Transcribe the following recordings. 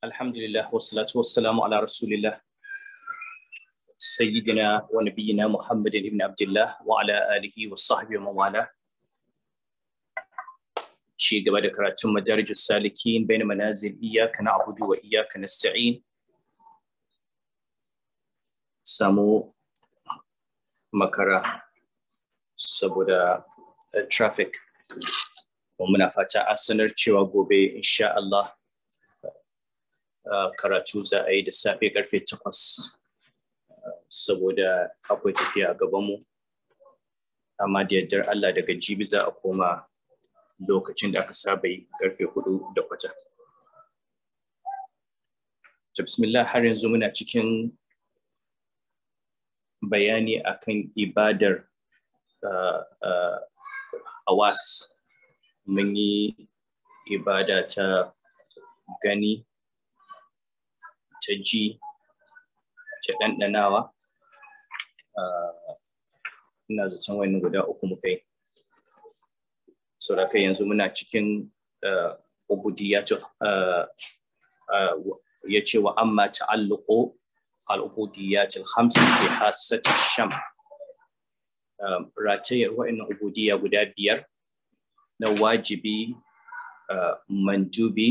Alhamdulillah, wassalatu wassalamu ala rasulillah, sayyidina wa nabiyina Muhammadin ibn Abdullah wa ala alihi wa sahbihi wa mawala. Ci gaba da karatun madariju salikin bayan manazil iyaka na'budu wa iyaka nasta'in. Samu makara saboda eh, traffic. Mun muna fata asanar cewa gobe insha Allah karatu za a yi da safe karfe takwas saboda akwai tafiya a gabanmu amma da yardar Allah daga jibi za a koma lokacin da aka saba yi karfe hudu da kwata. bismillah har yanzu muna cikin bayani akan ibadar awas mun yi ibada ta gani ta ji ta ɗanɗanawa ah, ina zaton wani guda uku muka yi sauraka yanzu muna cikin ah, ubudiyatu ah, ya ce wa amma ta'alluqu al-ubudiyat al-khams sham ratayar wa'annan ubudiyya guda biyar na wajibi mandubi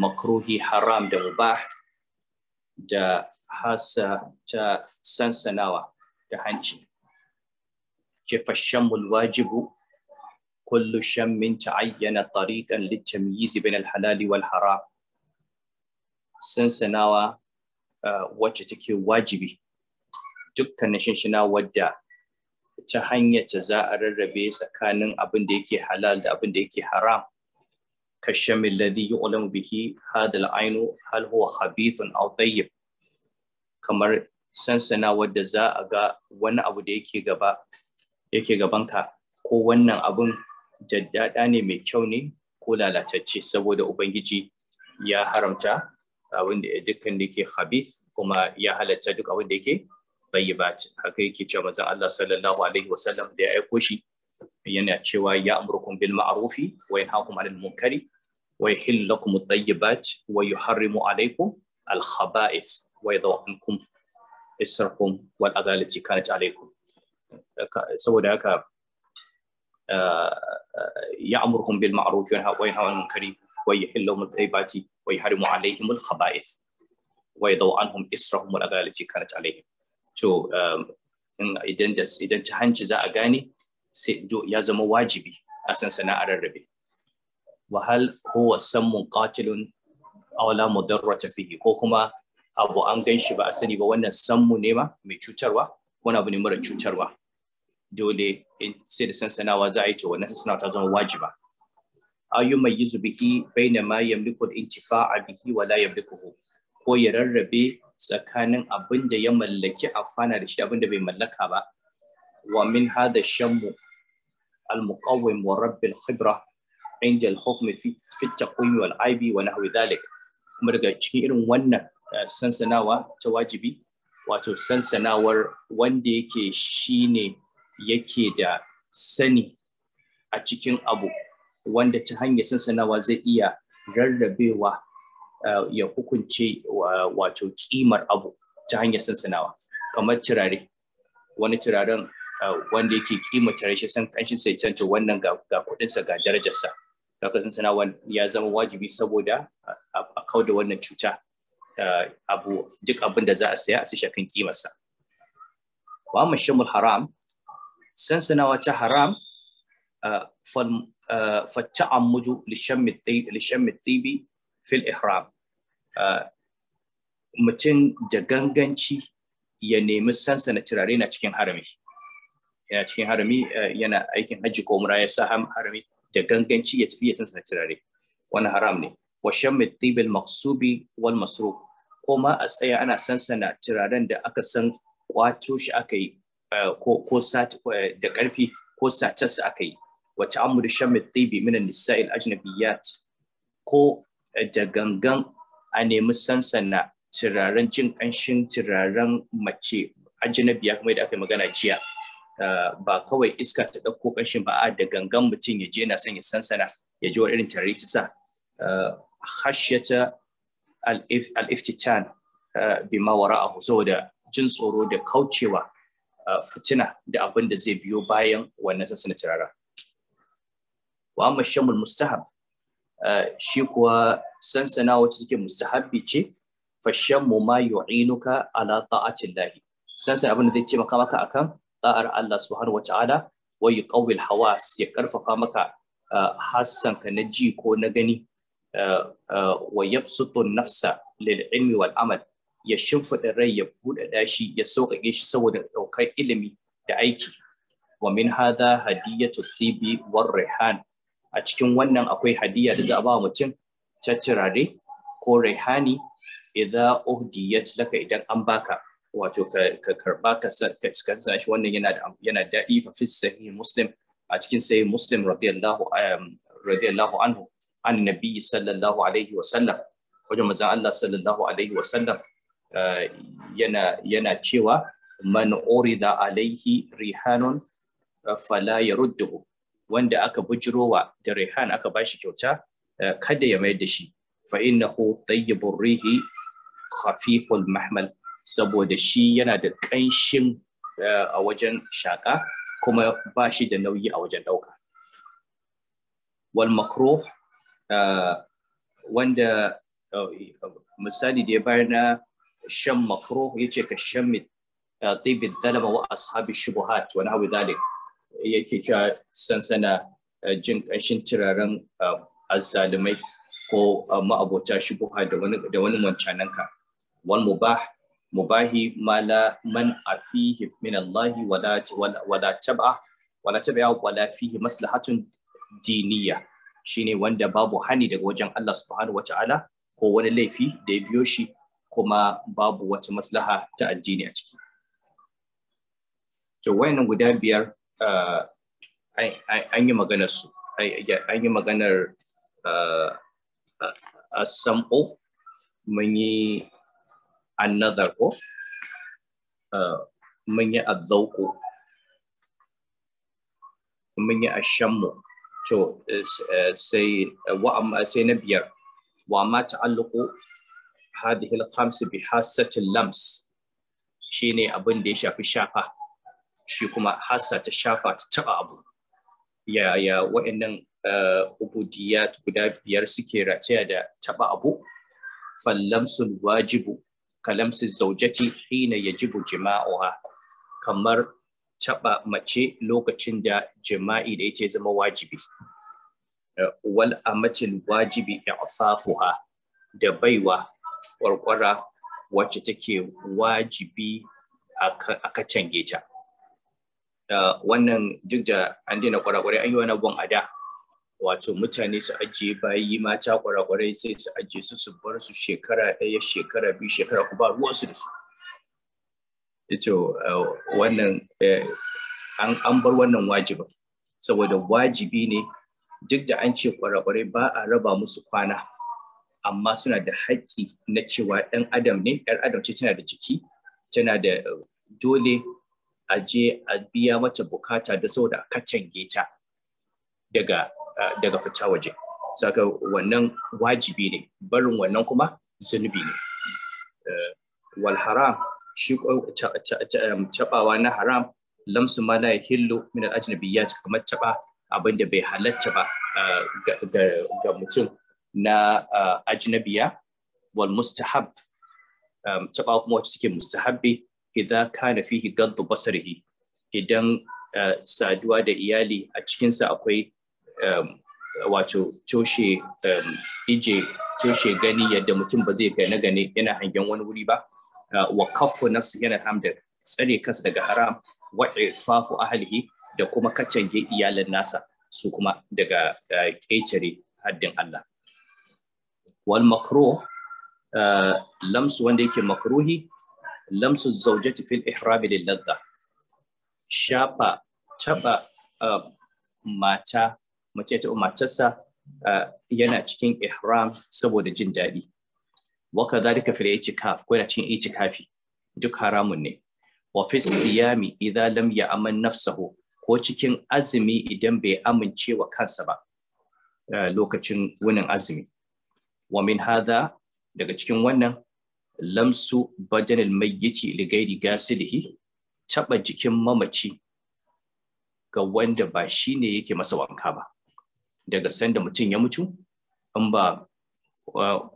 makruhi haram da mubah da hasa ta sansanawa da hanci كيف الشم الواجب كل شم تعين طريقا للتمييز بين wal والحرام Sansanawa uh, wacce take wajibi dukkanin shinshina wadda ta hanyar ta za a rarrabe tsakanin abin da yake halal da abin da yake haram kashamin ladhi yu'lamu bihi hadal ainu hal huwa khabithun aw tayyib kamar sansana wadda za a ga wani abu da yake gaba yake gabanka ko wannan abun jaddada ne mai kyau ne ko lalatacce saboda ubangiji ya haramta abin da dukkan da yake habis kuma ya halatta duk abin da yake bayyibat haka yake cewa manzon Allah sallallahu alaihi wasallam da ya aiko shi yana cewa ya amurkum bil ma'rufi wa yanhaakum 'anil munkari wa yuhillu lakum at-tayyibat wa yuharrimu 'alaykum al-khaba'ith ويضع عنكم إسركم والأذى التي كانت عليكم saboda haka ah, ah, ya'muruhum bil ma'ruf wa yanha 'anil munkari wa yuhillu lahum al-tayyibati wa yuharrimu 'alayhim al-khaba'ith wa an anhum israhum wal aghalati kanat 'alayhim so um, idan idan ta hanci za a gane sai ya zama wajibi a san sana'ar rarrabe wa hal huwa sammun qatilun aw la mudarrata fihi ko kuma abu an gan shi ba a sani ba wannan sanmu ne ma mai cutarwa wani abu ne mara cutarwa dole sai da sansanawa za a yi to wannan sansanawa ta zama wajiba ayu mai yuzu biki baina ma yamliku a biki wala yamlikuhu ko ya rarrabe tsakanin abin da ya mallaki amfana da shi abin da bai mallaka ba wa min hada shammu المقوم ورب الخبرة عند الحكم في في التقويم والعيب ونحو ذلك kuma daga cikin irin wannan Uh, sansanawa ta wajibi wato sansanawar wanda yake shine yake da sani a cikin abu wanda ta hanyar sansanawa zai iya rarrabewa uh, ya hukunce wato kimar abu ta hanyar sansanawa kamar turare wani turaren uh, wanda yake kima turare shi san kanshin sai canta wannan ga kudinsa ga darajarsa daga sansanawa ya zama wajibi saboda a kauda wannan cuta Uh, abu duk abin da za a saya a sai shafin kimarsa wa amma shamul haram sansanawa ta haram فالتعمد لشم الطيب لشم الطيب في الإحرام mutum da ganganci ya nemi sansana turare na cikin harami yana cikin harami uh, yana aikin hajji ko umra ya sa harami da ganganci ya tafi ya sansana turare wani haram ne wa shammi tibil maqsubi wal masruq koma a tsaya ana sansana turaren da aka san kwato shi aka yi eh, ko eh, da karfi ko satarsa aka yi wata amur shamit tibi minan nisa'il ajnabiyat ko eh, da gangan a nemi sansana turaren jin ƙanshin turaren mace ajnabiya kuma da aka yi magana jiya ba kawai iska ta ɗauko ƙanshin ba a da gangan mutum ya je na son ya sansana ya ji wa irin tarihi ta sa ta. al-iftitan eh, bima wara'ahu saboda jin tsoro da kaucewa eh, fitina da abin da zai biyo bayan wannan sassa na turara wa amma shamul mustahab eh, shi kuwa sansana wacce take mustahabbi ce fashammu ma yu'inuka ala ta'atin lahi sansana abin da zai taimaka maka akan ta'ar Allah subhanahu wata'ala wa yuqawil hawas ya karfafa maka hassan ka na ji ko na gani Uh, uh, wa yabsutu nafsa lil ilmi wal amal ya shimfida rai ya buɗe dashi ya sauƙaƙe shi saboda ɗaukar ilimi da aiki wa min hadha hadiyatu tibi war rihan a cikin wannan akwai hadiya da za a ba mutum caccirare ko rihani idza uhdiyat laka idan an baka wato ka karba ka sa shi wannan yana da yana daɗi fa fi sahih muslim a cikin sahih muslim radiyallahu um, radiyallahu anhu an nabi sallallahu alaihi wasallam wajen manzon Allah sallallahu alaihi wasallam eh, yana yana cewa man urida alaihi rihanun eh, fala yarudduhu wanda aka bujirowa da rihan aka bashi kyauta eh, kada ya mayar da shi fa innahu tayyibur rihi khafiful mahmal saboda shi yana da ƙanshin a wajen shaƙa kuma ba shi da nauyi a wajen ɗauka. Wal makruh Ah, wanda oh, oh, misali da ya bayar na shan makro ya ce ka shan tibin ah, zalaba wa ashabi shubuhat wani abu dalik yake cewa sansana ah, jin ƙanshin turaren azzalumai ko ma'abota shubuha da wani wancananka wal mubah mubahi mala man afihi min Allah wala tab'a wala tab'a wala fihi maslahatun diniya shine wanda babu hani daga wajen Allah subhanahu ta'ala ko wani laifi da ya biyo shi kuma babu wata maslaha ta addini a ciki to wayannan guda biyar uh, an yi maganar su an yi maganar uh, uh, a mun yi another ko mun yi azauku mun yi ashammu to eh, eh, sai eh, sai na biyar wa ma ta'alluqu hadhihi al-khams bi hassati lams shine abin da ya shafi shafa shi kuma hasa ta shafa ta taba abu ya ya wa'annan ubudiyat guda biyar suke rataya da taba abu fallamsul wajibu kalamsu zaujati hina yajibu jima'uha kamar taɓa mace lokacin da jima'i da yake zama wajibi. Eh, wal amatil wajibi i'fafuha da baiwa kwarkwara wacce take wajibi a kacan ta. Eh, wannan duk da an daina kwarakwarai an yi wani abun ada. Wato mutane su ajiye bayi mata kwarakwarai sai su ajiye su su bar su shekara ɗaya shekara biyu shekara ku ba ruwansu da su. Ito eh, wannan eh, an bar wannan wajibin saboda wajibi ne duk da an ce kwarakwarai ba a raba musu kwana amma suna da haƙƙi na cewa ɗan adam ne ɗan adam ce tana da ciki tana da eh, dole a je a biya mata bukata da saboda a kacange ta daga daga fita waje saka wannan wajibi ne barin wannan kuma zunubi ne wal haram shi cabawa um, na haram lamsu ma la hillu min al ajnabiyyat kamar caba abin bai halatta ba uh, ga mutum na uh, ajnabiya wal mustahab um, caba kuma wacce take mustahabbi idan kana fihi gaddu basarihi idan uh, saduwa da iyali a cikinsa akwai um, wato toshe ije toshe gani yadda mutum ba zai gane gane yana hangen wani wuri ba wa kaffu nafsi yana hamdan tsare kansa daga haram wa ifafu ahlihi da kuma kacange iyalan nasa su kuma daga ƙecere haddin Allah wal makruh lamsu wanda yake makruhi lamsu zaujati fil ihram lil ladha shafa taba mata mace ta matarsa yana cikin ihram saboda jin daɗi wa kadhalika fil i'tikaf ko yana cikin i'tikafi duk haramun ne wa fi siyami idza lam ko cikin azumi idan bai amince wa kansa ba eh, lokacin wunin azumi wa min hadha daga cikin wannan lamsu badanil mayyiti li gairi gasilihi taba jikin mamaci ga wanda ba shi ne yake masa wanka ba daga sanda mutum ya mutu in ba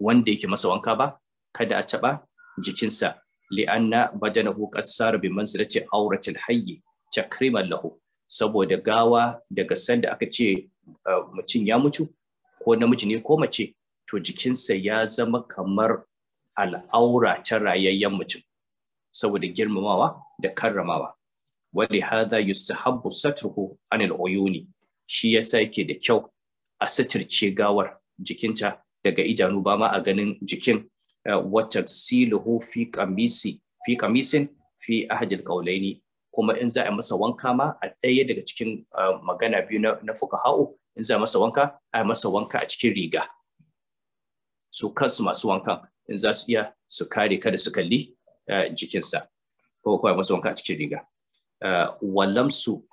wanda yake masa wanka ba kada a taɓa jikinsa li'anna badanahu qad sara bi manzilati auratil hayy takriman lahu saboda gawa daga sanda aka ce uh, mutum ya mutu ko namiji ne ko mace to jikinsa ya zama kamar al'aura ta rayayyen mutum saboda girmamawa da karramawa wali hadha yustahabbu satruhu anil uyuni shi yasa yake da kyau a sitirce gawar jikinta daga idanu ba ma a ganin jikin eh, wata siluhu fi kamisi fi kamisin fi ahadil kaulaini kuma in za a masa wanka ma a ɗaya daga cikin eh, magana biyu na fuka ha'u in za a masa wanka a masa wanka a cikin riga su kansu masu wankan in za su iya su kare kada su kalli eh, jikinsa ko a masa wanka a cikin riga wallamsu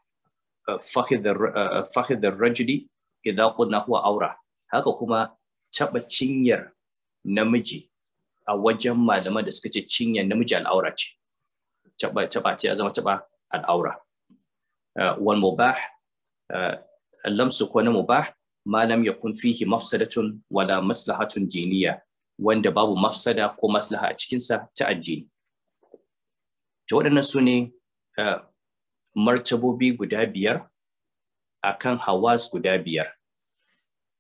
fahidar rajuli idan kunna huwa aura haka kuma taɓa cinyar namiji a wajen malaman da suka ce cinyar namiji al'aura ce taɓa taba ce ya zama taɓa al'aura uh, wal mubah uh, lamsu ko na mubah malam ya kun fihi mafsadatun wala maslahatun jiniya wanda babu mafsada ko maslaha a cikinsa ta addini Ta waɗannan su ne uh, martabobi guda biyar a kan hawas guda biyar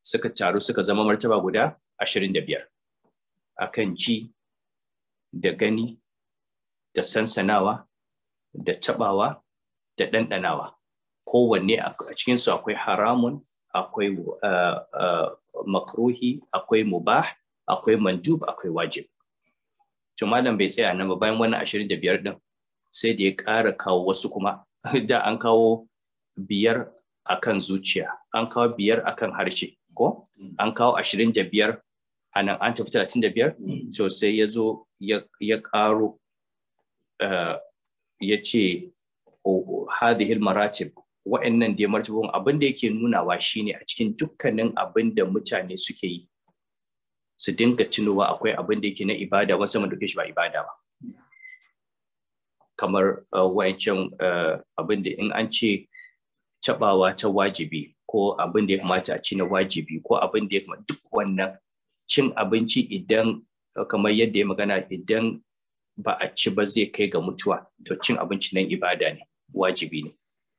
suka taru suka zama martaba guda 25 kan ji da gani da sansanawa da tabawa da ɗanɗanawa kowanne a cikinsu akwai haramun akwai uh, uh, makruhi akwai mubah akwai mandub akwai wajib to malam bai tsaya nan ba bayan wannan 25 din sai da ya ƙara kawo wasu kuma da an kawo biyar akan zuciya an kawo biyar akan harshe ko mm. an kawo ashirin da biyar a nan an tafi talatin da biyar mm. so sai ya zo ya karo eh, ya ce hadihil maratib wa'annan da martabon abin da yake nunawa shine a cikin dukkanin abin da mutane suke yi su dinga tunowa akwai abin da yake na ibada wani saman dauke shi ba ibada ba kamar eh, wancan eh, abin da in an ce tabawa ta wajibi ko abin da ya kamata a ci na wajibi ko abin da ya kamata duk wannan cin abinci idan kamar yadda ya magana idan ba a ci ba zai kai ga mutuwa to cin abinci nan ibada ne wajibi ne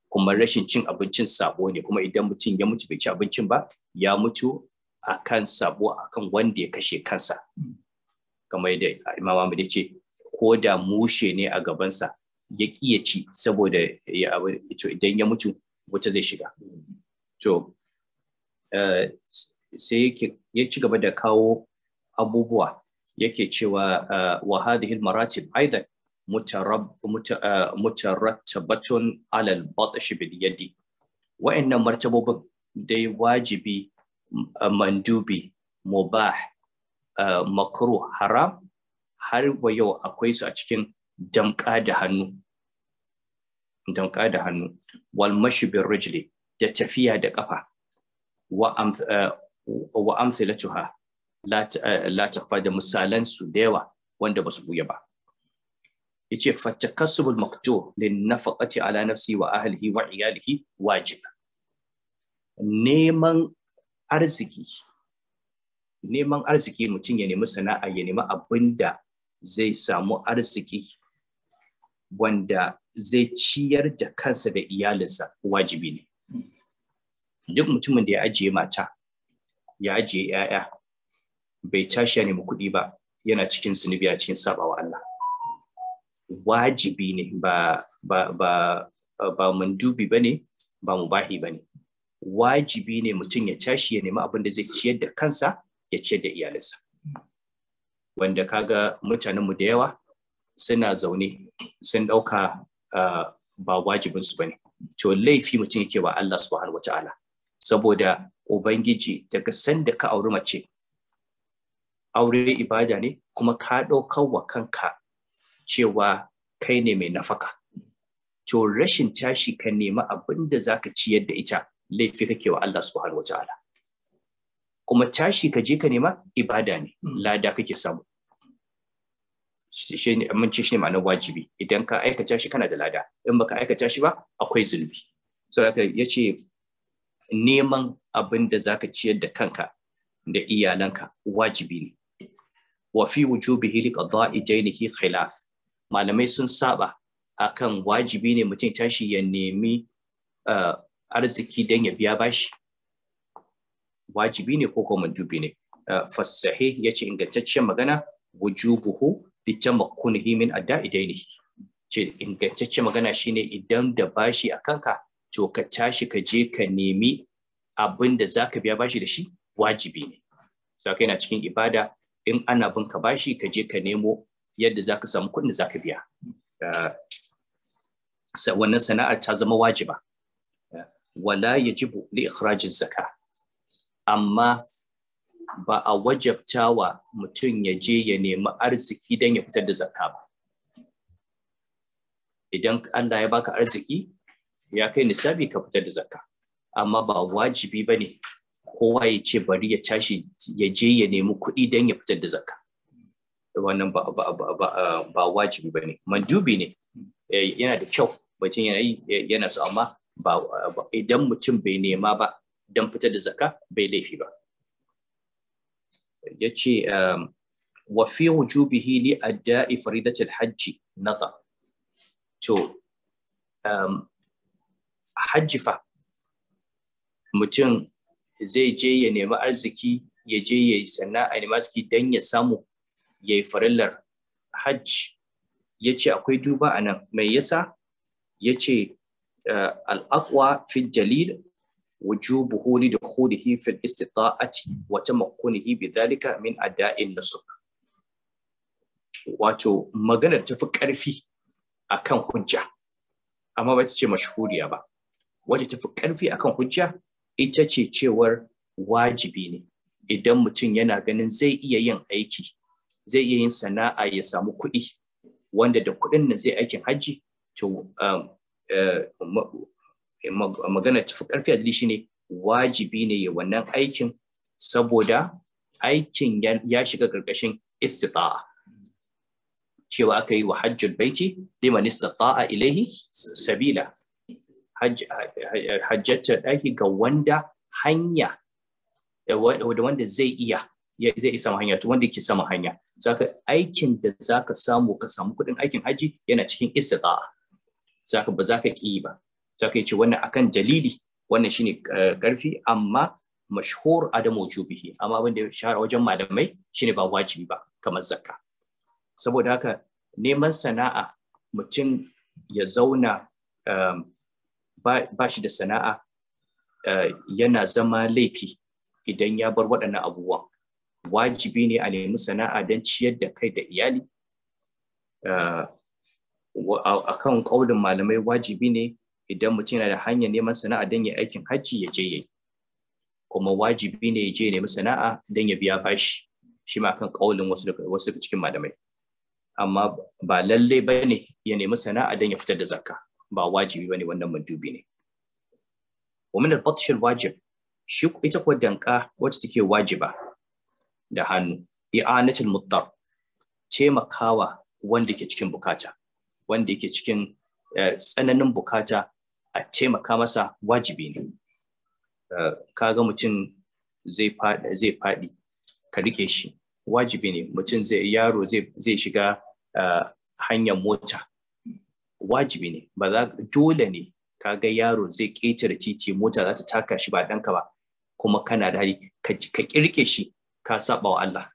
kuma rashin cin abincin sabo ne kuma idan mutum ya mutu bai ci abincin ba ya mutu akan sabo akan wanda ya kashe kansa kamar yadda imam Ahmad ce ko da mushe ne a gabansa ya ƙi ya ci saboda idan ya mutu wuta zai shiga to eh, sai ya ci gaba da kawo abubuwa yake cewa eh, wa hadhihi al-maratib aidan eh, mutarattabatun ala al-batsh bil yadi wa'annan martabobin dai wajibi mandubi mubah makruh haram har wa yau akwai su a cikin damƙa da hannu damƙa da hannu wal mashi bin rijli da tafiya da ƙafa wa eh, amsa la tafa eh, da misalan su da yawa wanda ba su buya ba yace fatakassubul maktu lin nafaqati ala nafsi wa ahlihi wa iyalihi wajib neman arziki neman arziki mutum ya nemi sana'a ya nemi abin da zai samu arziki wanda zai ciyar da kansa da iyalinsa wajibi ne duk mutumin da ya ajiye mata ya ajiye 'ya'ya bai tashi ya nemi kuɗi ba yana cikin zunubi a cikin sabawa Allah wajibi ne ba ba ba ba mandubi bane ba mubahi bane wajibi ne mutum ya tashi ya nemi abin da zai ciyar da kansa ya ciyar da iyalinsa wanda kaga mutanenmu da yawa suna zaune sun ɗauka ah, ba wajibinsu ba ne to laifi mutum yake wa Allah subhanahu wata'ala saboda ubangiji daga sanda ka auri mace aure ibada ne kuma ka ɗaukar wa kanka cewa kai ne mai nafaka to rashin tashi ka nema abin da za ka ciyar da ita laifi kake wa Allah subhanahu wa ta'ala kuma tashi ka je ka nema ibada ne lada kake samu mun ce shi ne ma'anar wajibi idan ka aikata shi kana da lada in baka aikata shi ba akwai zunubi so ya yace neman abin da za ka ciyar da kanka da iyalanka wajibi ne wa fi wujubihi li qada'i daynihi khilaf malamai sun saba A kan wajibi ne mutum tashi ya nemi eh, arziki dan ya biya bashi wajibi ne ko kuma dubi ne eh, fasahi ce ingantaccen magana wujubuhu bitamakkunhi min adda daynihi ce ingantaccen magana shine idan da bashi a kanka to ka tashi ka je ka nemi abin da za ka biya bashi da shi wajibi ne ka yana cikin ibada in ana bin ka bashi ka je ka nemo yadda za ka samu kuɗin da za ka biya eh, wannan sana'ar ta zama wajiba eh, wala ya ji li ikhrajin zaka amma ba a wajabta wa mutum ya je ya nemi arziki don ya fitar da zakka ba idan Allah ya baka arziki ya kai nisabi ka fitar da zakka amma ba wajibi ba ne kowa ya ce bari ya tashi ya je ya nemi kuɗi don ya fitar da zakka wannan ba, ba, ba, ba, wajibi ba ne mandubi ne eh, yana da kyau mutum yana yi yana so amma idan mutum bai nema ba don fitar da zakka bai laifi ba ya ce um, wa fi wujubihi li adda'i faridatil hajji nazar to um, hajji fa mutum zai je ya nemi arziki ya je ya yi sannan a nema arziki don ya samu ya yi farillar hajji ya ce akwai duba a nan mai yasa ya ce eh, al'aqwa fi jalil wujubuhu li a fil istita'ati wa tamakkunihi dalika min ada'in nusuk wato maganar tafi karfi kan hujja amma ba ta ce mashuriya ba wacce ta fi ƙarfi kan hujja ita ce cewar wajibi ne idan mutum yana ganin zai iya yin aiki zai iya yin sana'a ya samu kuɗi wanda da kuɗin nan zai aikin hajji to um, eh, magana tafi ƙarfi a shi ne wajibi ne ya wannan aikin saboda aikin ya shiga ƙarƙashin istita'a cewa aka yi wa hajjul baiti liman istita'a ilaihi sabila hajjatar ɗaki ga wanda hanya eh, da wanda zai iya zai isa hanya to wanda ke sama hanya zaka aikin da zaka samu ka samu kuɗin aikin haji yana cikin iska. zaka ba zaka ki ba zaka yi ce wannan akan dalili wannan shine karfi eh, amma mashhur adamu wujubihi amma wanda da shahara wajen malamai shine ba wajibi ba kamar zakka saboda haka neman sana'a mutum ya zauna um, ba shi da sana'a eh, yana zama laifi idan ya bar waɗannan abubuwan wajibi ne a nemi sana'a don ciyar da kai da iyali eh, a kan ƙaunin malamai wajibi ne idan mutum yana da hanyar neman sana'a don ya aikin hajji ya je ya yi kuma wajibi ne ya je ya nemi sana'a don ya biya bashi shi ma kan ƙaunin wasu daga cikin malamai amma ba lallai ba ne ya nemi sana'a don ya fitar da zakka ba wajibi bane wannan mandubi ne Wannan min al wajib shi ita ko danka wacce take wajiba da hannu i'anatul muttar taimakawa wanda ke cikin bukata wanda yake cikin eh, tsananin bukata a taimaka masa wajibi ne eh, ka ga mutum zai faɗi ka rike shi wajibi ne mutum zai yaro zai shiga eh, hanyar mota wajibi ne ba za dole ne ka ga yaro zai ƙetare titi mota za ta taka shi ba danka ba kuma kana da hali ka kirke shi ka saba wa Allah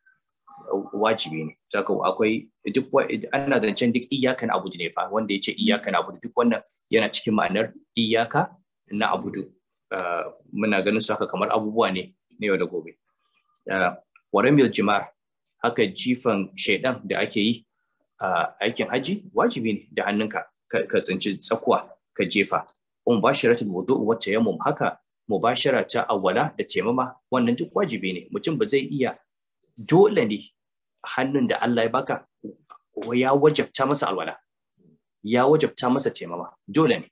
wajibi ne saka akwai duk ana zancen duk iyaka na abudu ne fa wanda ya ce na abudu duk wannan yana cikin ma'anar iyaka na abudu ah, muna ganin su haka kamar abubuwa ne na yau da gobe ah, waramil jimar haka jifan shaidan da ake yi ah, aikin haji wajibi ne da hannunka ka tsinci tsakuwa ka jefa um bashiratul wudu wa tayammum haka mubashara ta awwala da taimama wannan duk wajibi ne mutum ba zai iya dole ne hannun da Allah ya baka ya wajabta masa alwala ya wajabta masa taimama dole ne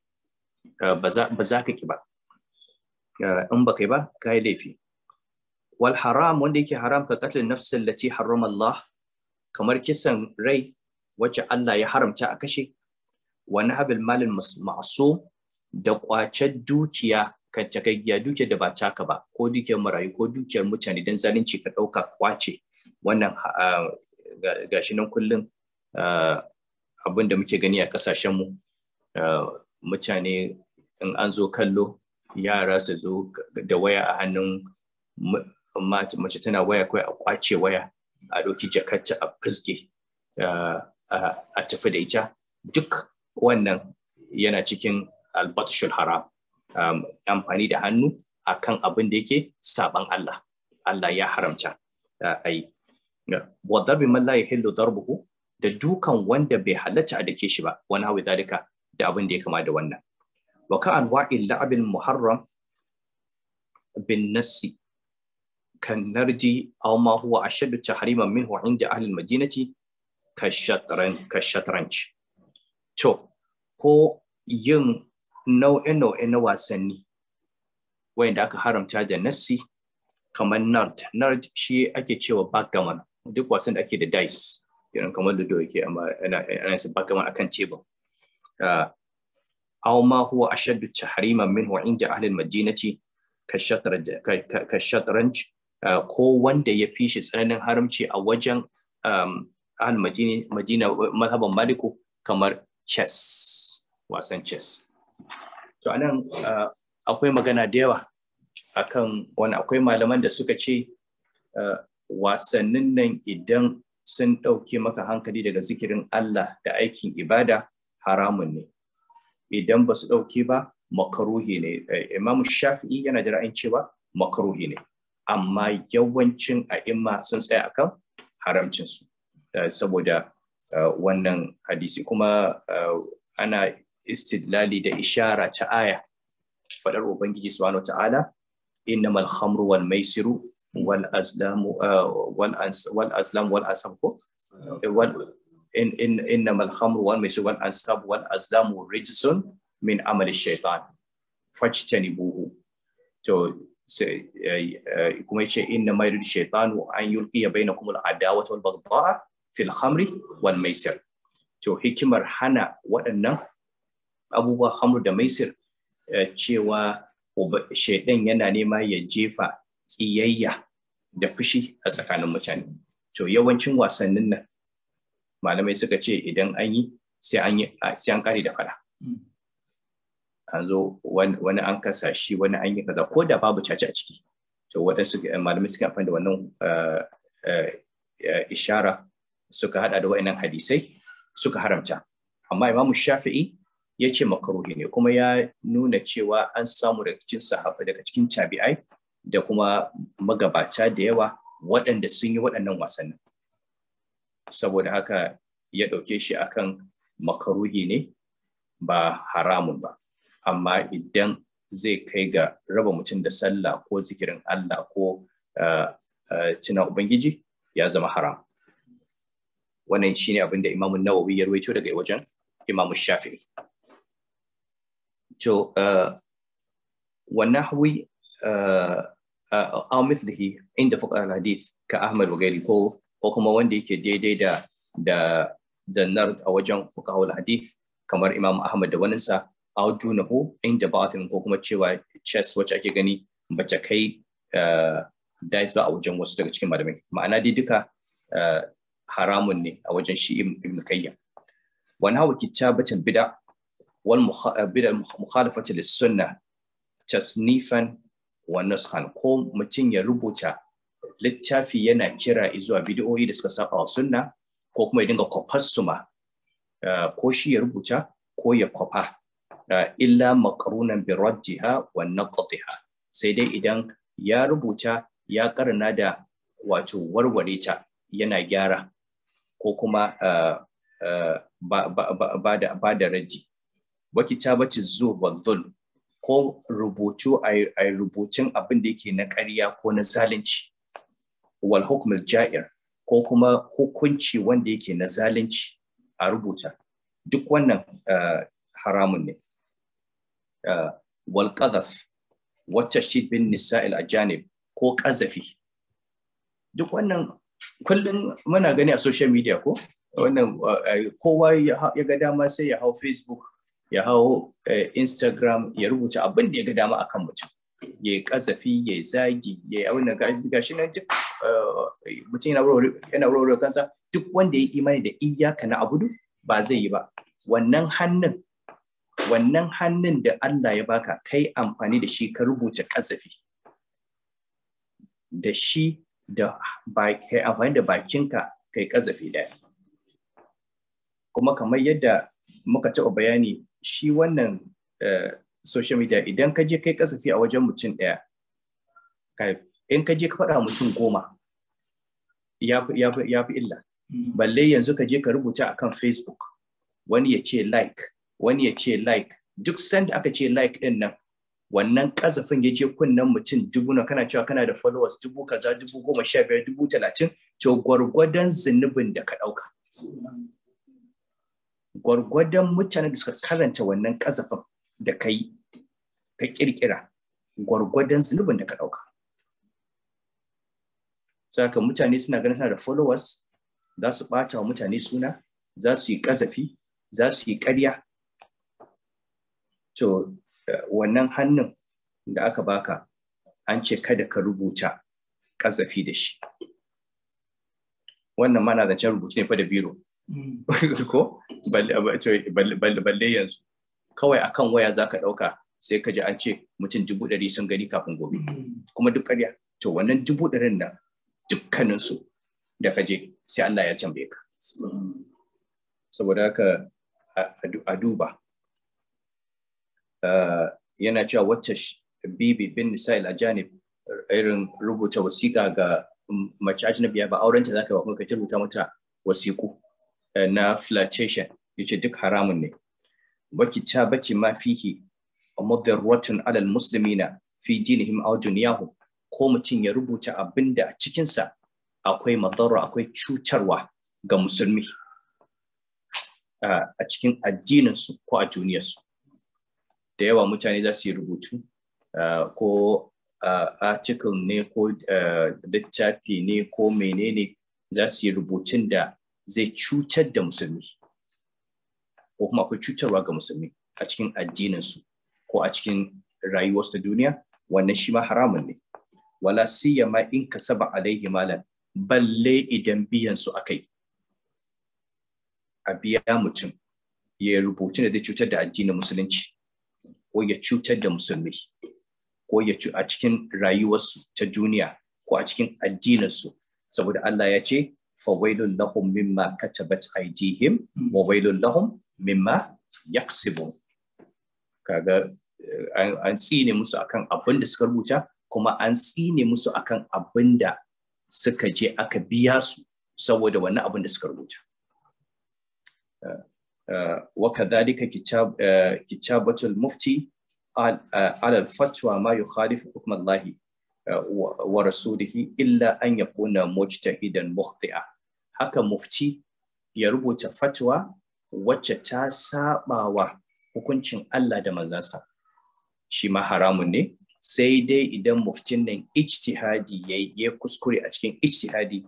ba za ka ki ba in ba kai ba ka yi laifi wal haram wanda yake haram ka katil nafsin lati haram Allah kamar kisan rai wacce Allah ya haramta a kashe wani abin malin masu da kwacen dukiya kan takaggiya dukiyar da ba taka ba ko dukiyar marayu ko dukiyar mutane don zalunci ka ɗauka kwace wannan ah, gashi nan kullum ah, abin da muke gani a ƙasashenmu ah, mutane in an zo kallo yara su zo da waya a hannun mace tana waya kawai a kwace waya a ɗauki jakarta a fuske a tafi da ita duk wannan yana cikin albatushul haram amfani da hannu a kan abin da yake saban Allah Allah ya haramta a yi malla ya man la yahillu darbuhu da dukan wanda bai halatta a dake shi ba wani hawi dalika da abin da ya kama da wannan wa ka anwa'il la'abil muharram bin nasi kan narji aw ma huwa ashaddu tahriman minhu inda ahli al-madinati ka shatran ka shatranci to ko yin nau'e-nau'e na wasanni wayanda aka haramta da nassi kamar nard nard shi ake cewa backgammon duk wasan da ake da dice irin kamar ludo yake amma ana ana backgammon akan tebur ah, aw ma huwa ashaddu tahriman minhu inda ahli al-madinati ka shatranj ah, ko wanda ya fi shi tsananin haramci a wajen um, al-madina madina mazhaban maliku kamar chess wasan chess to anan uh, akwai magana da yawa akan wani akwai malaman da suka ce uh, wasannin nan idan sun ɗauke maka hankali daga zikirin Allah da aikin ibada haramun ne idan ba su ɗauke ba makaruhi ne eh, imam shafi'i yana da ra'ayin cewa makaruhi ne amma yawancin a'imma sun tsaya akan haramcinsu eh, saboda wannan hadisi kuma ana istidlali da ishara ta aya fadar ubangiji subhanahu ta'ala innamal khamru wal maisiru wal azlamu wal azlam wal asam ko innamal khamru wal maisiru wal ansab wal azlamu rijsun min amali shaytan fajtanibuhu to say kuma yace innamal shaytanu an yulqiya bainakum al adawata wal baghdha fil khamri wal maisir to hikimar hana waɗannan abubuwa Khamru da maisir eh, cewa shaidan yana nema ya jefa tsiyayya da fushi a tsakanin mutane to yawancin wasannin nan malamai suka ce idan an yi sai an kare da fara an zo wani an kasa shi wani an yi kaza ko da babu caci a ciki to waɗansu eh, malamai suka amfani da wannan eh, ishara suka hada da wa'annan hadisai suka haramta amma Imam Shafi'i ya ce makaruhi ne kuma ya nuna cewa an samu daga cikin sahaba daga cikin tabi'ai da kuma magabata da yawa waɗanda sun yi waɗannan wasannin saboda haka ya ɗauke shi akan makaruhi ne ba haramun ba amma idan zai kai ga raba mutum da sallah ko zikirin Allah ko eh, eh, tuna Ubangiji ya zama haram wannan shine abin da Imam Nawawi ya rawaito daga wajen Imam Shafi'i to uh, wannan hawi uh, uh, aw mithlihi inda fuka hadith ka Ahmad wa gari ko kuma wanda yake daidai da da nar a wajen fuqahul hadith kamar Imam Ahmad da waninsa na dunahu inda batin ko kuma cewa chess wacce ake gani bata kai dice ba a wajen wasu daga cikin malamai ma'ana dai duka haramun ne a wajen shi ibn kayyam wani hawa kitabatin bida wal eh, bida mukhalafati lis sunna tasnifan wa nushan ko mutum ya rubuta littafi yana kira izuwa bidiyoyi da suka saba wa sunna ko kuma ya dinga kwafar su ma eh, ko shi ya rubuta ko ya kwafa eh, illa makarunan bi raddiha wa naqdiha sai dai idan ya rubuta ya karna da wato warware ta yana gyara ko kuma ba da raji waki ta bace zo ko rubutu a rubutun abin da yake na ƙarya ko na zalunci wal hukumar ja'ir ko kuma hukunci wanda yake na zalunci a rubuta duk wannan haramun ne wal qadhaf wata bin nisa'il a janib ko ƙazafi duk wannan kullum muna gani a social media ko wannan eh, kowa ya ga dama sai ya hau facebook ya hau eh, instagram ya rubuta abin da ya ga dama akan mutum ya yi kasafi ya yi zagi ya yi abin da shi nan duk eh, mutum yana wurare kansa duk wanda ya yi imani da iyaka na abudu ba zai yi ba wannan hannun wannan hannun da Allah ya baka kai amfani da shi ka rubuta kasafi da shi da kai amfani da bakinka kai kazafi daya kuma kamar yadda muka taɓa bayani shi wannan eh, social media idan ka je kai kasafi a wajen mutum ɗaya in ka je ka faɗa mutum goma ya fi illa hmm. balle yanzu ka je ka rubuta akan facebook wani ya ce like wani ya ce like duk sanda aka ce like ɗin nan wannan kasafin ya je kunnen mutum dubu na kana cewa kana da followers dubu kaza dubu goma sha biyar dubu talatin to gwargwadon zunubin da ka ɗauka. Gwargwadon mutanen da suka karanta wannan kasafin da ka yi ka ƙirƙira gwargwadon zunubin da ka ɗauka. Saka mutane suna ganin suna da followers za su ɓata wa mutane suna za su yi kazafi za su yi ƙarya. To wannan hannun da aka baka an ce kada ka rubuta kazafi da shi wannan mana zancen rubutu ne fa da biro mm. ko balle yanzu kawai akan waya za ka ɗauka sai ka ji an ce mutum dubu ɗari sun gani kafin gobe mm. kuma duk ƙarya to wannan dubu ɗarin da dukkaninsu da ka je sai Allah ya tambaye ka mm. saboda haka a duba Eh, yana cewa wacce bibi bin nisa'il ajanib irin rubuta wasiƙa ga mace ajnabiya ba aurenta za ka ba kuma rubuta mata wasiƙu eh, na flirtation ce duk haramun ne baki ta bace ma fihi mudarratun alal muslimina fi dinihim aw dunyahum ko mutum ya rubuta abinda a cikinsa akwai madara akwai cutarwa ga musulmi eh, a cikin addininsu ko a duniyarsu da yawa mutane za su yi rubutu eh, ko eh, article ne ko eh, littafi ne ko menene za su yi rubutun da zai cutar da musulmi ko kuma akwai cutarwa ga musulmi a cikin addininsu ko a cikin rayuwarsu ta duniya wannan shi ma haramun ne wala siya ma in ka saba alaihi malam balle idan biyan su akai a biya mutum ya rubutu da zai cutar da addinin musulunci ko ya cutar da musulmi ko ya a cikin rayuwarsu ta duniya ko a cikin addininsu saboda Allah ya ce fawailun lahum mimma katabat aydihim wa wailun lahum mimma yaksibun kaga eh, an tsine musu akan abin da suka rubuta kuma an tsine musu akan abin da suka je aka biya su saboda wannan abin da suka rubuta eh, وكذلك كتاب كتابة المفتي على الفتوى ما يخالف حكم الله ورسوله إلا أن يكون مجتهدا مخطئا haka mufti ya rubuta fatwa wacce ta wa hukuncin Allah da manzansa shi ma haramun ne sai dai idan muftin nan ijtihadi yayi ya kuskure a cikin ijtihadi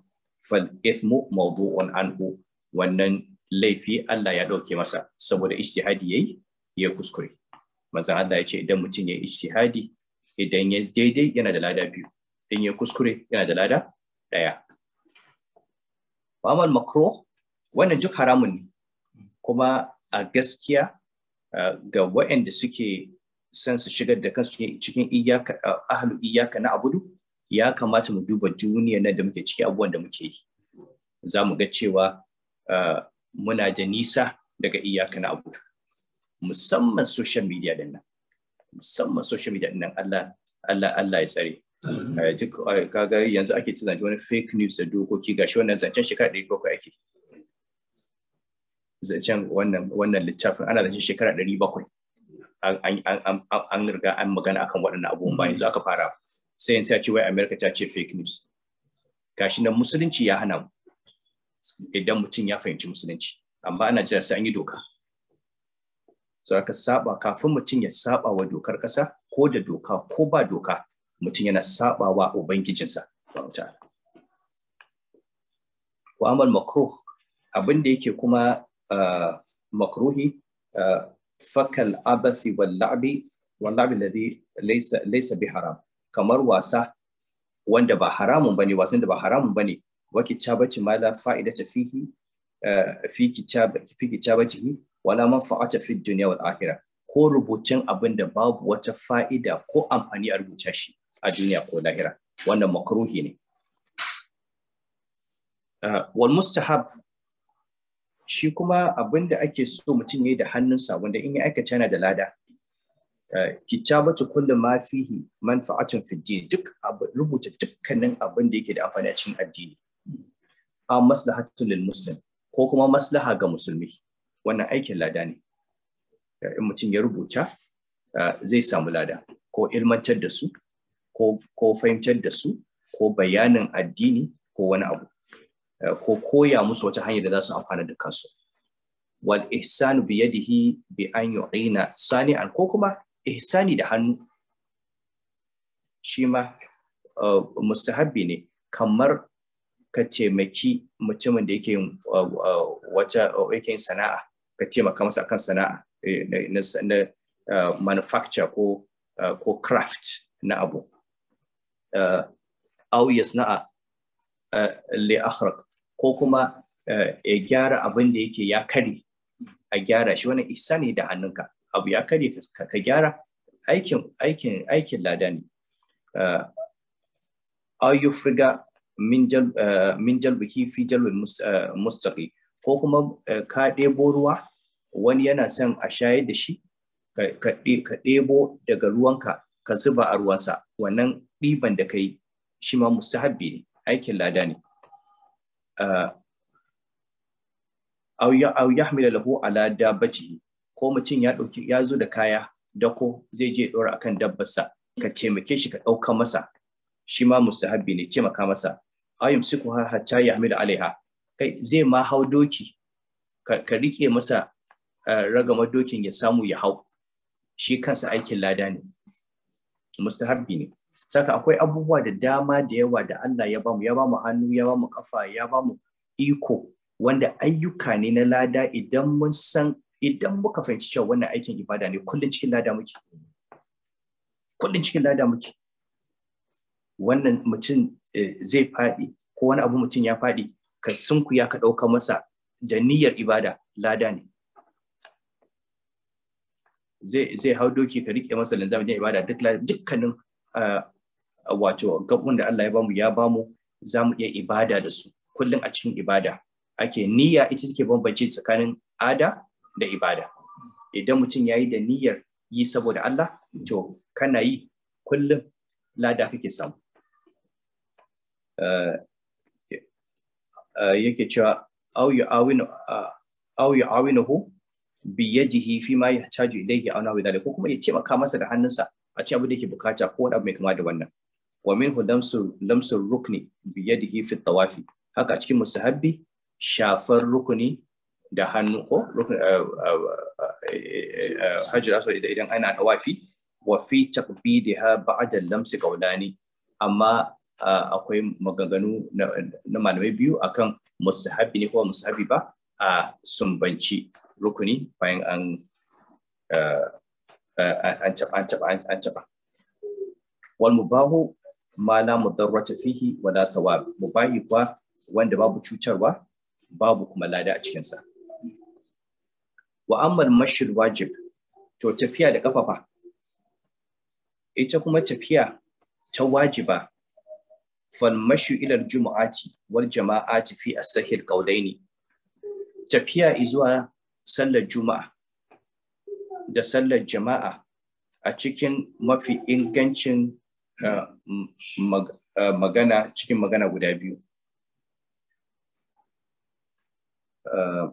fal ithmu mawdu'un anhu wannan laifi Allah ya ɗauke masa saboda ijtihadi yayi ya kuskure manzon Allah ya ce idan mutum ya ijtihadi idan ya daidai yana da lada biyu idan ya kuskure yana da lada ɗaya amal makro wannan duk haramun ne kuma a gaskiya ga waɗanda suke son su shigar da kansu cikin iyaka ahlu iyaka na abudu ya kamata mu duba duniya na da muke ciki abubuwan da muke yi za mu ga cewa muna da nisa daga iyaka na abu musamman social media din nan musamman social media din nan Allah Allah Allah ya tsare eh, duk eh, kaga yanzu ake tunanci wani fake news da dokoki gashi wannan zancen shekara ɗari bakwai ake zancen wannan wannan littafin ana zancen shekara ɗari bakwai an riga an magana akan waɗannan abubuwan ba yanzu aka fara sai yanzu ya ce wai America ta ce fake news gashi nan musulunci ya hana mu idan mutum ya fahimci musulunci amma ana jira sai an yi doka sai ka saba kafin mutum ya saba wa dokar kasa ko da doka ko ba doka mutum yana saba wa ubangijinsa ta'ala amal makruh abin da yake kuma ah, makruhi ah, fakal abasi wal la'bi wal la'bi bi haram kamar wasa wanda ba haramun bane wasan da ba haramun bane wa ma la fa'idata fihi eh, fi kitabati fi kitabatihi wala manfa'ata fi dunya wal ko rubucin abin da babu wata fa'ida ko amfani a rubuta shi a duniya ko lahira wannan makruhi ne eh, wal mustahab shi kuma abin da ake so mutum ya yi da hannunsa wanda in ya aikata yana da lada eh, kitabatu kullum ma fihi manfa'atun fi duk rubuta dukkanin abin da yake da amfani a cikin addini a maslahatun lil muslim ko kuma maslaha ga musulmi wannan aikin lada ne in mutum ya rubuta zai samu lada ko ilmantar da su ko fahimtar da su ko bayanin addini ko wani abu ko koya musu wata hanyar da za su amfana da kansu wal ihsanu bi yadihi bi an yu'ina sani'an ko kuma ihsani da hannu shi ma uh, mustahabbi ne kamar ka taimaki mutumin da uh, uh, uh, yake yin sana'a ka taimaka masa akan sana'a eh, na manufacture ko ko craft na abu au yasna'a li akhraq ko kuma ya gyara abin da yake ya kare a gyara shi wani isa ne da hannunka abu ya kare ka gyara aikin aikin aikin lada ne au yufriga Eh, min jalbihi fi jalbin eh, mustaqi ko kuma eh, ka ɗebo ruwa wani yana son a shayar da shi ka ɗebo daga ruwanka ka zuba a ruwansa wannan ɗiban da ka yi shi ma mustahabbi ne aikin lada ne au yahmila lahu ala dabbati ko mutum ya ɗauki ya zo da kaya dako zai je ɗora akan dabbarsa ka taimake shi ka ɗauka masa shi ma mustahabbi ne ce maka masa ayum siku ha hatta yahmid alaiha kai zai ma hau doki ka rike masa ragamar dokin ya samu ya hau shi kansa aikin lada ne mustahabbi ne saka akwai abubuwa da dama da yawa da Allah ya bamu ya bamu hannu ya bamu kafa ya bamu iko wanda ayyuka ne na lada idan mun san idan muka fahimci cewa wannan aikin ibada ne kullun cikin lada muke kullun cikin lada muke wannan mutum eh, zai faɗi ko wani abu mutum ya faɗi ka ya ka ɗauka masa da niyyar ibada lada ne zai hau doki ka rike masa linzamin ibada duk dukkanin ah, wato gabun da Allah ya bamu ya bamu za mu iya ibada da su kullum a cikin ibada ake niyya ita take bambanci tsakanin ada da ibada idan mutum ya yi da niyyar yi saboda Allah to kana yi kullum lada kake samu Eh, eh, yake cewa au ya awinu eh, au ya awinuhu bi yadihi fi ma yahtaju ilayhi aw nahu dalika ko kuma ya ce taimaka masa da hannunsa a ci abu da yake bukata ko wani abu mai kama da wannan wa min hu lamsu rukni bi yadihi fi tawafi haka a cikin musahabbi shafar rukuni da hannu ko hajjira so idan ana tawafi wa fi taqbidiha ba'da lamsi qawlani amma akwai maganganu na malamai biyu akan musahabi ne ko musahabi ba a sumbanci rukuni bayan an an taba an taba an taba wal mubahu ma la mudarrata fihi wa la thawab mubahi ba wanda babu cutarwa babu kuma lada a cikinsa wa ammal mashir wajib to tafiya da kafafa ita kuma tafiya ta wajiba falmashu ilar juma'ati wal jama'ati fi as-sahih qawlaini tafiya izuwa sallar juma'a da sallar jama'a a cikin mafi ingancin uh, uh, magana cikin magana guda biyu uh,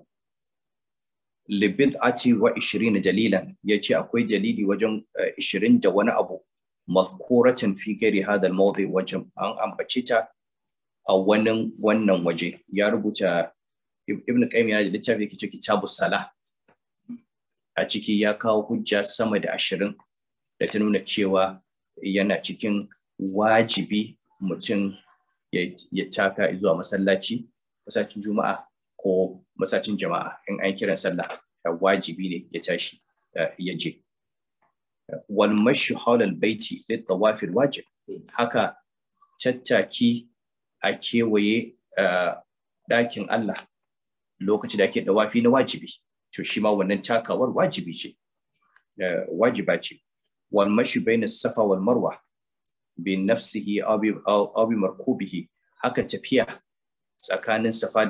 libid ati wa ishirin dalilan ya ce akwai dalili wajen ishirin da wani abu mazkuratan figari hadal hadha wajen an ambace ta a wannan wannan waje ya rubuta ibn qayyim yana da littafi yake kitabu sala a ciki ya kawo hujja sama da ashirin da ta nuna cewa yana cikin wajibi mutum ya taka zuwa masallaci masallacin juma'a ko masallacin jama'a in an kiran sallah wajibi ne ya tashi ya je wal mashi haulal baiti littawafil wajib haka caccaki a kewaye eh, ɗakin Allah lokacin da ake dawafi na wajibi to shi ma wannan takawar wajibi ce eh, wajiba ce wal mashi baina safa wal marwa bi nafsihi aw bi markubihi haka tafiya tsakanin safa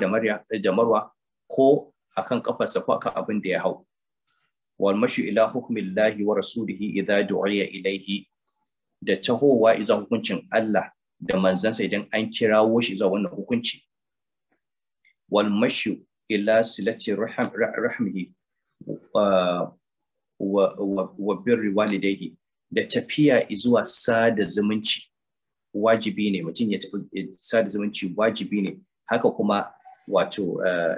da marwa ko akan kafar safa ka abin da ya hau Walmashi ila hukmillahi wa rasulihi idza du'iya ilaihi da tahowa izuwa hukuncin Allah da manzansa idan an kirawo shi zuwa wannan hukunci wal mashi ila silati rahmihi wa birri walidaihi da tafiya izuwa sada zumunci wajibi ne mutum ya tafi sada zumunci wajibi ne haka kuma wato eh,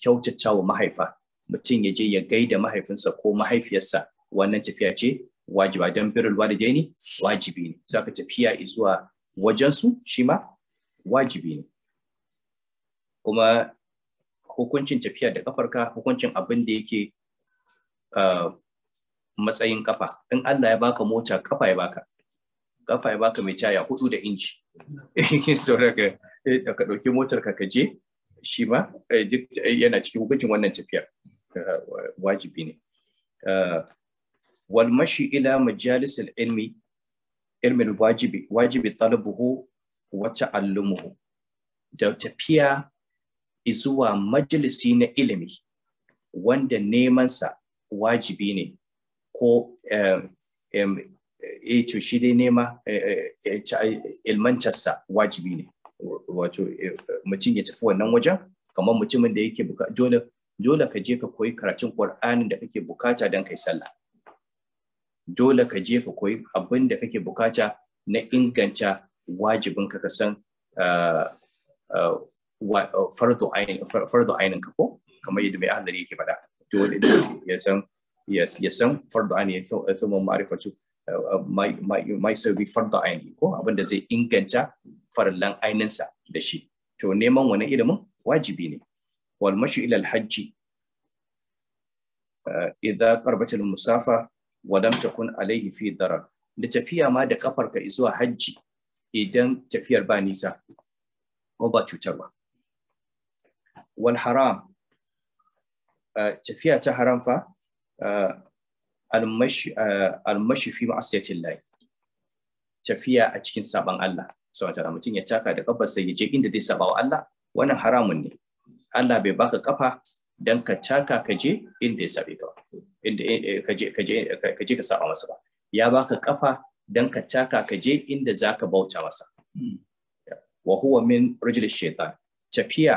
kyautata wa mahaifa mutum ya je ya gaida mahaifinsa ko mahaifiyarsa wannan tafiya ce wajiba don birrul walidaini wajibi ne ka tafiya zuwa wajensu shi ma wajibi ne kuma hukuncin tafiya da kafarka hukuncin abin da yake ah, matsayin kafa in Allah ya baka mota kafa ya baka kafa ya baka mai taya hudu da inci sauraka ka ɗauki motar ka je shi ma eh, duk eh, yana cikin hukuncin wannan tafiyar wajibi ne eh, wal mashi ila majalis ilmi ilmi wajibi wajibi talabuhu wa ta'allumuhu da tafiya zuwa majalisi na ilimi wanda nemansa wajibi ne ko eh, eh, to shi dai nema ilmantarsa wajibi ne wato mutum ya tafi wannan wajen kamar mutumin da yake dole dole ka je ka koyi karatun Qur'anin da kake bukata don kai sallah dole ka je ka koyi abin da kake bukata na inganta wajibin ka san ah, ah, fardu ainin ka ko kamar yadda mai ahlari yake faɗa dole ya san ya san fardu ainin ya fi mun ma'arifatu ah, mai saubi fardu ainin ko abin da zai inganta farallan sa da shi to neman wani ilimin wajibi ne wal ilal hajji, alhajji eh, idza qarbatil musafa wa lam takun alayhi fi darar da tafiya ma da kafarka zuwa hajji idan tafiyar ba nisa ko ba cutarwa wal haram eh, tafiya ta haram fa eh, almashi fi ma'asiyatin layi tafiya a cikin saban Allah sau mutum ya taka da kafar ya je inda zai saba wa Allah wannan haramun ne Allah bai baka kafa dan ka taka ka je inda ya sabi ka inda eh, eh, ka je ka saba masa ba ya baka kafa dan ka taka ka je inda za ka bauta masa wa huwa min rajul shaitan tafiya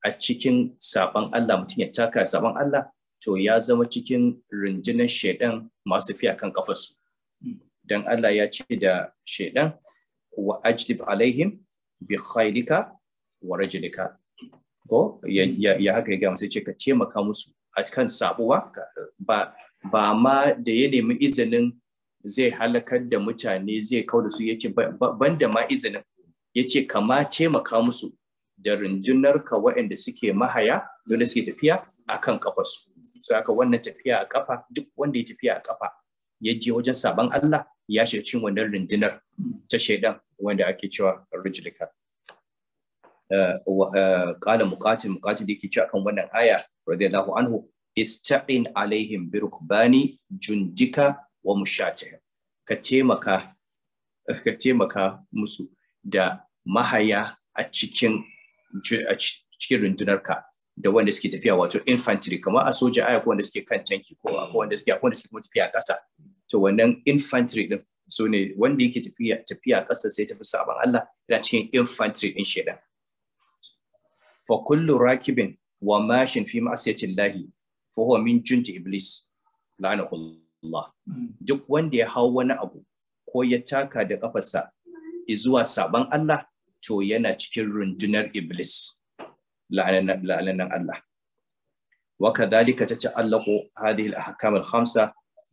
a cikin saban Allah mutum ya taka saban Allah to ya zama cikin rundunar shaidan masu fiya kan kafarsu dan Allah ya ce da shaidan wa ajlib alaihim bi khailika wa rajulika ko ya haka ya gaya musu ce ka taimaka musu a kan sabuwa ba ba ma da ya nemi izinin zai halakar da mutane zai kau da su ya ce ban da ma izinin ya ce kama taimaka musu da rundunar ka waɗanda suke mahaya da suke tafiya a kan kafarsu su haka wannan tafiya a kafa duk wanda ya tafiya a kafa ya je wajen sabon Allah ya shirci wannan rundunar ta shaidan wanda ake cewa rijilika qala muqatil muqatil yake ci akan wannan aya radiyallahu anhu ista'in alaihim bi rukbani jundika wa mushatih ka taimaka ka taimaka musu da mahaya a cikin a cikin rundunarka da wanda suke tafiya wato infantry kamar a soja aya ko wanda suke kan tanki ko wanda suke wanda suke kuma tafiya kasa to wannan infantry din so ne wanda yake tafiya tafiya kasa sai tafi saban Allah yana cikin infantry din shedan fa kullu rakibin wa mashin fi ma'asiyatin lahi fa huwa min junti iblis duk wanda ya hau wani abu ko ya taka da kafarsa zuwa sabon Allah to yana cikin rundunar iblis la'anan Allah وكذلك تتعلق هذه الاحكام الخمسه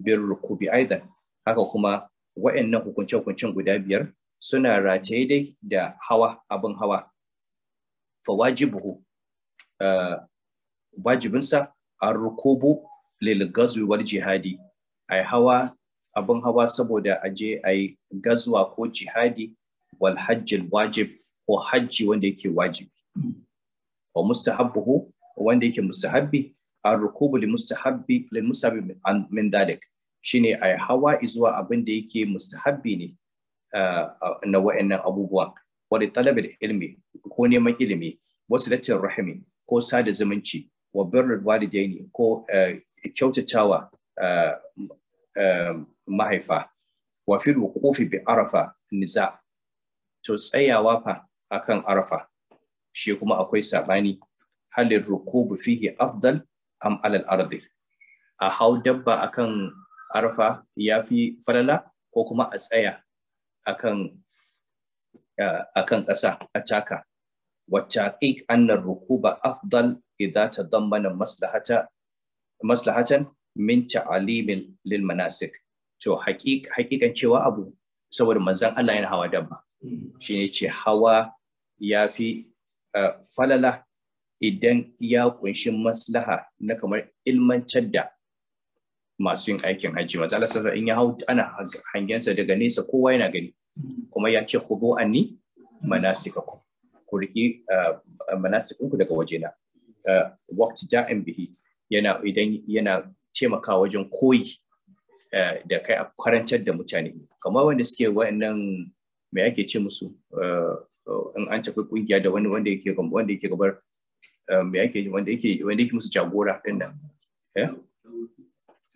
بالركوب ايضا haka kuma wa'annan hukunce-hukuncen guda biyar suna rataye dai da hawa abin hawa Eh, wajibinsa a rukubu lil jihadi ai hawa abin hawa saboda a a yi gazwa ko jihadi wal wajib ko hajji wanda yake wajibi wa mustahabbuhu wanda yake mustahabbi ar-rukubu mustahabbi lil mustahabbi min dalik shine ai hawa izuwa abin da yake mustahabbi ne eh, na wa'annan abubuwa wa li da ilmi ko neman ilimi wasu latin rahimi ko sada zumunci wa birnin walidaini ko eh, kyautatawa eh, eh, mahaifa wa fil wuqufi bi arafa nisa to tsayawa fa akan arafa shi kuma akwai sabani halin rukubu fihi afdal am alal ardi a hau dabba akan arafa ya fi falala ko kuma a tsaya akan a kan ƙasa a caka afdal أن الركوب أفضل mana maslahatan maslahatan مصلحة من lil manasik to haƙiƙan cewa abu saboda manzan Allah yana hawa dabba shine ce hawa ya fi falala idan ya kunshi maslaha na kamar ilmantar da masu yin aikin hajji manzon alasar in ya hau ana hangensa daga nesa kowa yana gani kuma ya ce khudu anni manasikakum ku riki uh, ku daga wajena uh, waqti ja'in bihi yana idan yana taimaka wajen koyi uh, da kai a karantar da mutane kamar wanda suke wayannan me yake ce musu in an tafi kungiya da wani wanda yake wanda yake gabar me yake wanda yake wanda yake musu jagora din nan eh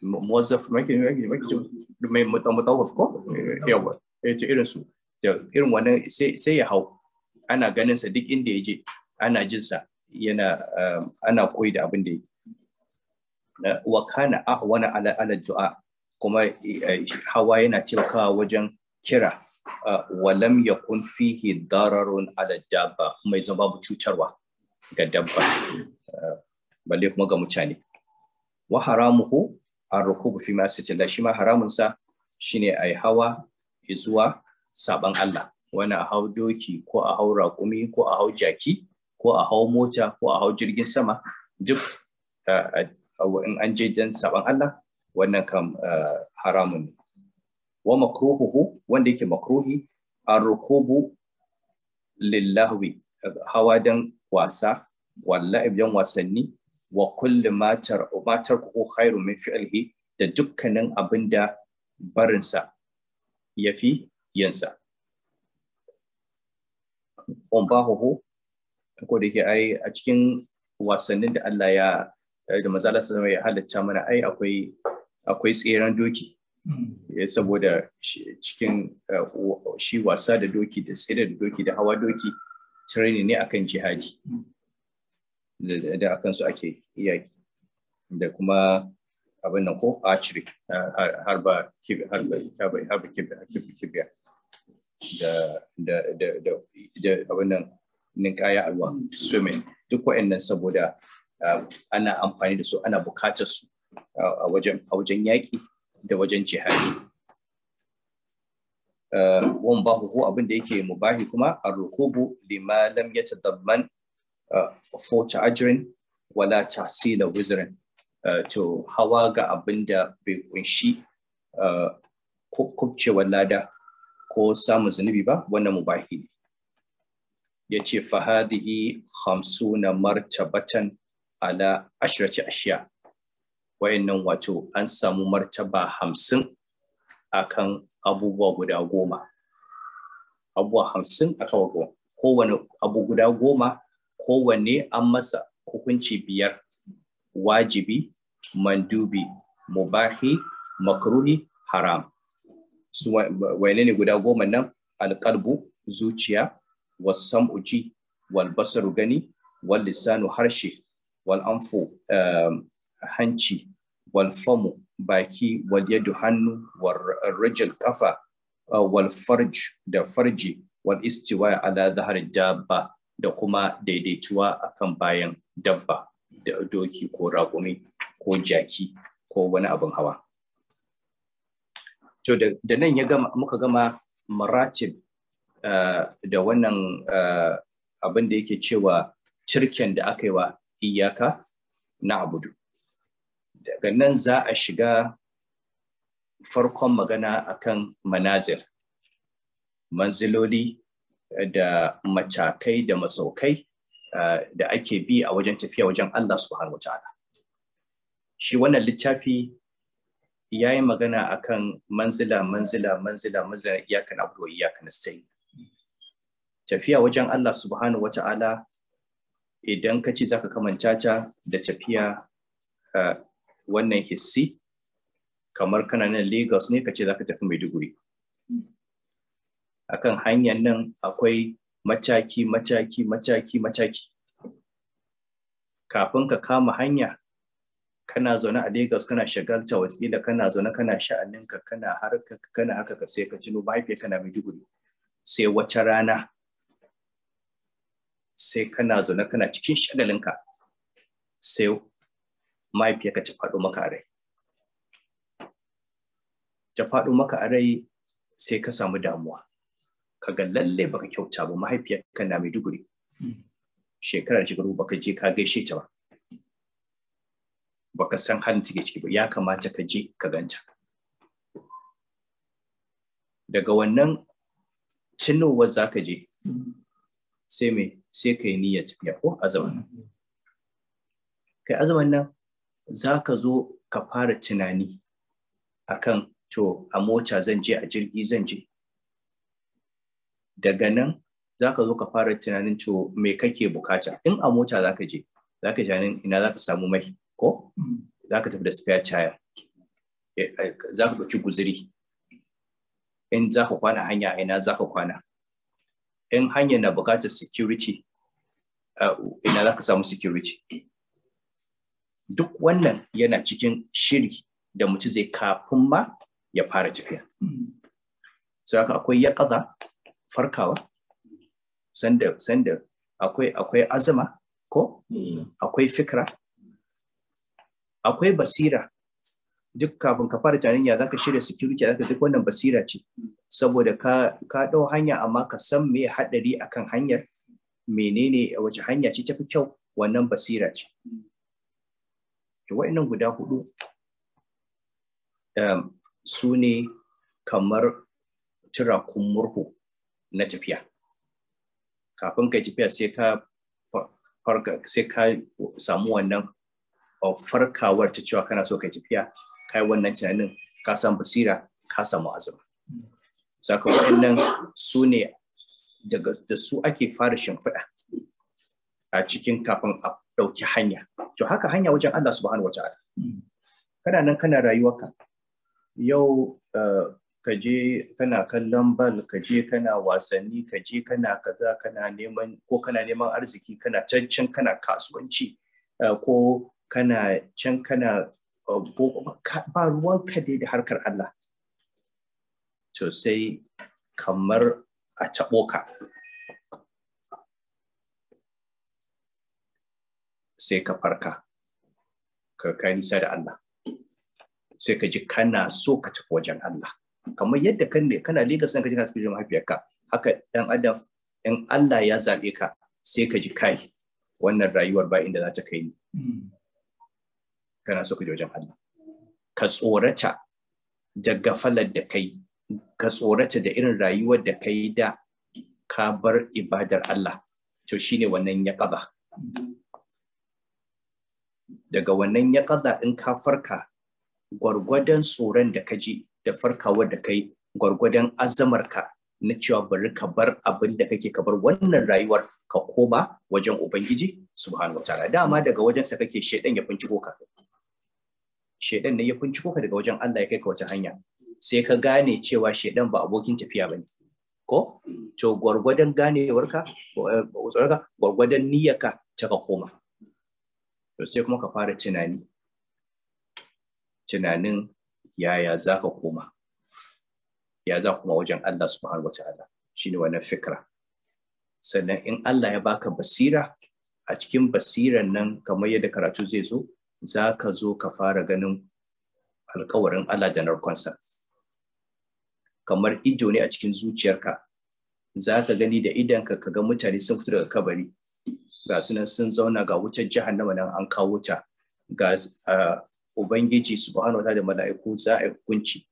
muwazzaf mai mai mutawaf ko yawa ya eh, irin irinsu da irin wannan sai ya hau ana ganin sa duk inda ya je ana jinsa sa yana um, ana koyi da abin da yake wa kana ahwana ala ala du'a kuma eh, hawa yana taimakawa wajen kira uh, walam yakun fihi dararun ala dabba kuma ya babu cutarwa ga dabba uh, balle kuma ga mutane wa haramuhu ar-rukubu fi ma shi ma haramun sa shine ai hawa zuwa saban Allah wani a hau doki ko a hau raƙumi ko a hau jaki ko a hau mota ko a hau jirgin sama duk eh, in an je don saban Allah wannan kam eh, haramun ne wa makruhuhu wanda yake makruhi arrukubu lillahwi hawa dan wasa wallahi dan wasanni wa kulli matar matar ku khairu min fi'lihi da dukkanin abinda barinsa ya fi yinsa. Ƙwamba ko da ke ai a cikin wasannin da Allah ya da mazalar sa ya halatta mana ai akwai akwai tseren doki eh, saboda cikin eh, shi wasa da doki da tsere da doki da hawa doki training ne akan jihadi da akan su ake yaki da kuma abin nan ko archery har ba kibiya da abin nan ninkaya alwa swimming duk wa'annan saboda ana amfani da su ana bukatar su a wajen yaƙi da wajen jihadi wan ba ko abin da yake mubahi kuma a malam lima lam yatadamman fo ta'ajrin wala tahsila wizrin Eh, to hawa ga abin da bai kunshi eh, kubcewar lada ko samun zunubi ba wannan mubahi ne ya ce fahadihi na martabatan ala ashirace ashiya wayannan wato an samu martaba hamsin akan abubuwa guda goma abubuwa hamsin a kawo goma kowane abu guda goma kowane an masa hukunci biyar wajibi mandubi mubahi makruhi haram su wane ne guda goma nan alƙalbu zuciya wasan uci wal basaru gani wal lisanu harshe wal anfu eh, hanci wal famu baki wal yadu hannu wal rajul kafa eh, wal farj da farji wal istiwa ala zahar dabba da kuma daidaituwa kan bayan dabba Da doki ko raƙumi ko jaki ko wani abin hawa. To da nan ya gama muka gama maratib eh, da wannan eh, abin da yake cewa cirken da aka yi wa iyaka na abudu. Daga nan za a shiga farkon magana akan manazir, manziloli da matakai da masaukai Eh, da ake bi a wajen tafiya wajen Allah subhanahu wataala shi wannan littafi ya yi magana akan manzila manzila manzila manzila iyakan abu iyakan sai tafiya wajen Allah subhanahu wataala idan ka ce zaka kamanta ta da tafiya eh, wannan hissi kamar kana nan Lagos ne ka ce zaka tafi Maiduguri akan hanyar nan akwai mataki mataki mataki mataki kafin ka kama hanya kana zaune a Lagos kana shagalta watakila kana zaune kana sha'aninka kana harka kana haka ka sai ka jino mahaifiyar kana Maiduguri sai wata rana sai kana zaune kana cikin shagalinka sai mahaifiyar ka ta faɗo maka a rai ta faɗo maka a rai sai ka samu damuwa Ka ga lalle baka kyauta ba ka na Maiduguri hmm. shekarar shekaru baka je ka gaishe ta ba baka san halin take ciki ba ya kamata ka je ka ganta daga wannan tunowar za ka je hmm. sai me sai ka yi niyyar tafiya ko azaman hmm. kai azaman nan za ka zo ka fara tunani akan to a mota zan je a jirgi zan je daga nan za ka zo ka fara tunanin cewa me kake bukata in a mota za ka je za ka nan, ina za ka samu mai ko za ka tafi da spare tire eh, eh, za ka ɗauki guziri in za ka kwana hanya ina za ka kwana in hanya na bukatar security eh, ina za ka samu security duk wannan yana cikin shiri da mutum zai kafin ma ya fara tafiya. Hmm. Saka haka akwai ya kaza farkawa sanda akwai azama ko hmm. akwai fikra akwai basira duk kafin ka fara tunanin ya zaka shirya security zaka duk wannan basira ce saboda ka ka dau hanya amma ka san me hadari akan hanyar menene wace hanya ce tafi kyau wannan basira ce to wa'annan guda hudu um, su ne kamar turakun murhu na tafiya kafin kai tafiya sai ka farka sai ka samu wannan farkawar ta cewa kana so kai tafiya kai wannan tunanin ka san basira ka samu azumi saka waɗannan su ne daga da su ake fara shimfiɗa a cikin kafin a ɗauki hanya to haka hanya wajen Allah subhanahu wataala kana nan kana rayuwarka yau uh, ka je kana kallon bal ka je kana wasanni ka je kana kaza kana neman ko kana neman arziki kana can can kana kasuwanci eh, ko kana can kana eh, ba ruwan dai da harkar Allah to sai kamar a taɓo ka sai ka farka ka kai nisa da Allah sai ka ji kana so ka tafi wajen Allah kamar yadda kan ne kana Lagos ka ji ka mahaifiyarka haka dan adam in Allah ya zaɓe ka sai ka ji kai wannan rayuwar ba inda za ta kai ni kana so ka ji wajen Allah ka tsorata da gafalar da kai ka tsorata da irin rayuwar da kai da ka bar ibadar Allah to shine wannan ya kaba daga wannan ya kaza in ka farka gwargwadon tsoron da ka ji da farkawar da kai gwargwadon azamarka na cewa bari ka bar abin da kake ka bar wannan rayuwar ka koma wajen ubangiji subhanahu ta'ala dama daga wajen sa kake shedan ya finciko ka shedan ne ya finciko ka daga wajen Allah ya kai ka wata hanya sai ka gane cewa shedan ba abokin tafiya bane ko to gwargwadon ganewarka gwargwadon ka ta ka koma to sai kuma ka fara tunani tunanin yaya za ka koma ya za kuma wajen Allah subhanahu wataala shine wannan fikra sannan in Allah ya baka basira a cikin basiran nan kamar yadda karatu zai zo za ka zo ka fara ganin alkawarin Allah da narkonsa kamar ido ne a cikin zuciyarka za ka gani da idanka ka ga mutane sun fito daga kabari ga su sun zauna ga wutar jahannama nan an kawo ta ga ah, ubangiji subhanahu wata da mala'iku za a hukunci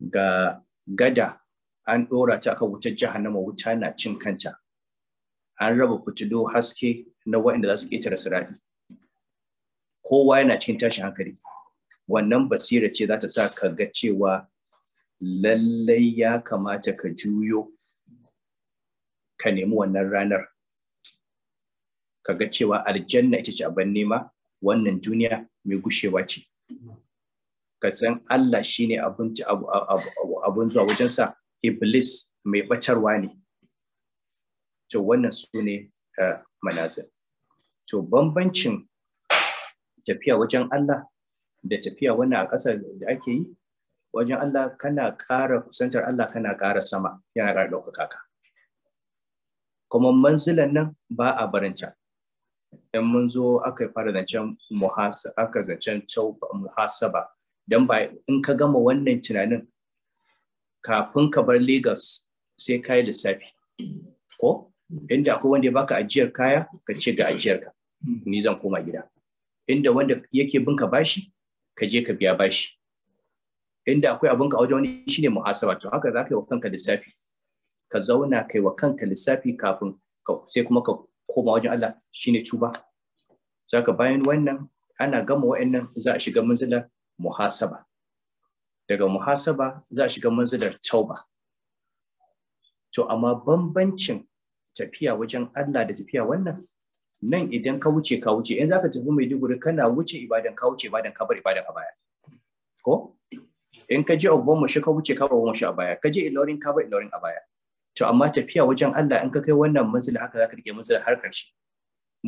ga gada an ɗora ta kan wutar jahannama wuta na cin kanta an raba fitilo haske na waɗanda za su ƙetare sirari kowa yana cikin tashin hankali wannan basira ce za ta sa ka ga cewa lallai ya kamata ka juyo ka nemi wannan ranar ka ga cewa aljanna ita ce abin nema wannan duniya mai gushewa ce ka san Allah shi ne abun zuwa wajensa iblis mai bacarwa ne to wannan su ne eh, manazir to bambancin tafiya wajen Allah da tafiya wannan a ƙasa da ake yi wajen Allah kana ƙara kusantar Allah kana ƙara sama yana ƙara ɗaukaka ka kuma manzilan nan ba a barinta in mun zo aka fara zancen aka zancen muhasaba don ba in ka gama wannan tunanin kafin ka bar Lagos sai ka yi lissafi ko inda akwai wanda ya baka ajiyar kaya ka ce ga ajiyar ka ni zan koma gida inda wanda yake bin ka bashi ka je ka biya bashi inda akwai abin ka wajen wani shine muhasaba to haka zaka yi wa kanka lissafi ka zauna kai wa kanka lissafi kafin sai kuma ka ko ba wajen Allah shine tuba saka bayan wannan ana gama wa'annan za a shiga manzilar muhasaba daga muhasaba za a shiga manzilar tauba to amma bambancin tafiya wajen Allah da tafiya wannan nan idan ka wuce ka wuce in zaka tafi mai Maiduguri kana wuce ibadan ka wuce ibadan ka bar ibadan a baya ko in ka je Ogbon mu ka wuce ka bar mu a baya ka je Ilorin ka bar Ilorin a baya to amma tafiya wajen Allah in ka kai wannan manzila haka zaka rike manzila har karshe